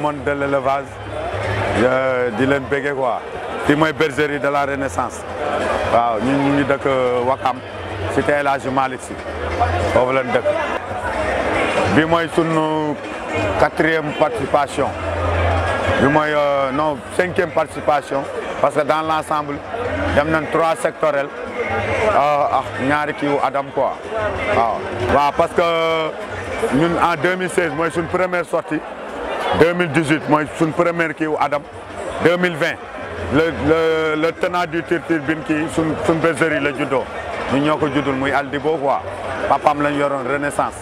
monde de l'élevage di leen C'est quoi bergerie de la renaissance waaw ñun ñu ngi dëkk Wakam c'était El Hadj ici. Sy foofu leen dëkk bi mooy sunu quatrième participation bi mooy euh, non cinquième participation parce que dans l'ensemble dem nañ trois secteurs à ñaari kiiwu Adam quoi waaw waaw parce que euh, ñun en 2016 c'est une première sortie mille 2018 mooy suñ première ki wu Adam 2020 le le le tenant du tir turbine kii suñ suñ bergerie la juddoo ñu ñoo ko juddul muy Aldibo quoi papam lañ yoroon Renaissance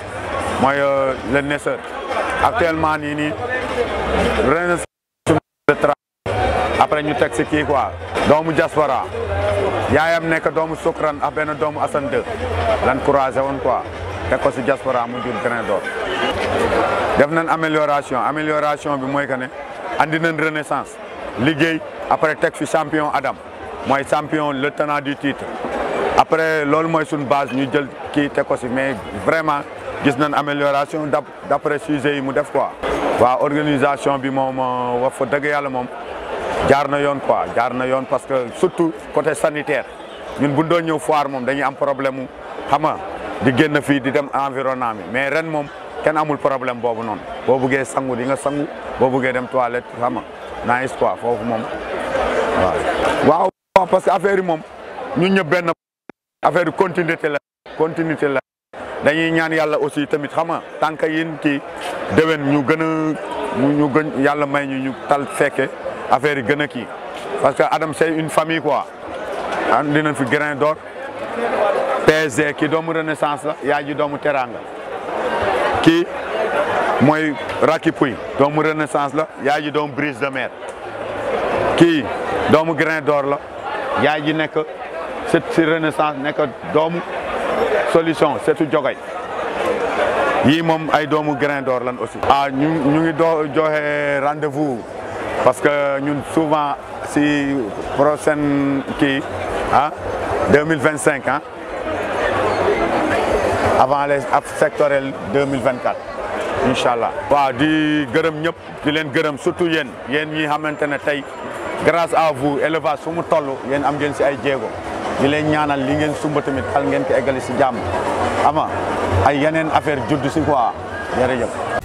mooy euh, le naisseur actuellement nii nii Renaissance après ñu teg si kii quoi doomu diaspora yaayam nekk doomu Sukran ak benn doomu Assane 2 lan croisé woon quoi teg ko si diaspora mu jur grain d'or def nañ amélioration amélioration bi mooy que ne andi nañ renaissance liggéey après teg fi champion Adam mooy champion le tenant du titre après loolu mooy suñu base ñu jël kii teg ko si mais vraiment gis nañ amélioration d'après après sujet yi mu def quoi. waaw organisation bi moom euh, wax fa dëgg yàlla moom jaar na yoon quoi jaar na parce que surtout côté sanitaire ñun bu doon ñëw foire moom dañuy am problème mu di génn fii di dem environnement bi mais ren moom kenn amul problème boobu noonu boo buggee sangu di nga sangu boo buggee dem toilette xam nga nice quoi foofu moom waaw. waaw parce que affaire yi moom ñu ñëpp benn affaire continuité la continuité la dañuy ñaan yàlla aussi tamit xama nga tànk yin kii déwén ñu gën a ñu gën yàlla may ñu ñu tal fekke affaire yi gën a kii parce que Adam c'est une famille quoi ah, dinañ fi grain d'or PSG ki doomu renaissance la yaay doomu teranga kii mooy Racky Pouy doomu renaissance la yaay ji doomu brise de mer kii doomu grain door la yaay ji nekk sët si renaissance nekk doomu solution setu jogay yii moom ay doomu grain d'or lan aussi ah ñu ñu ngi doo joxe rendez-vous parce que ñun souvent si prochaine kii ah 2025 ah avant les ab sectorielles 2024 incha allah. waaw di gërëm ñëpp di leen gërëm surtout yéen yéen ñi xamante ne tey grace à vous élevage su mu toll yéen am ngeen si ay jéego di leen ñaanal li ngeen sumba tamit xal ngeen ko eggali si jàmm ama ay yeneen affaire judd si quoi jërëjëf.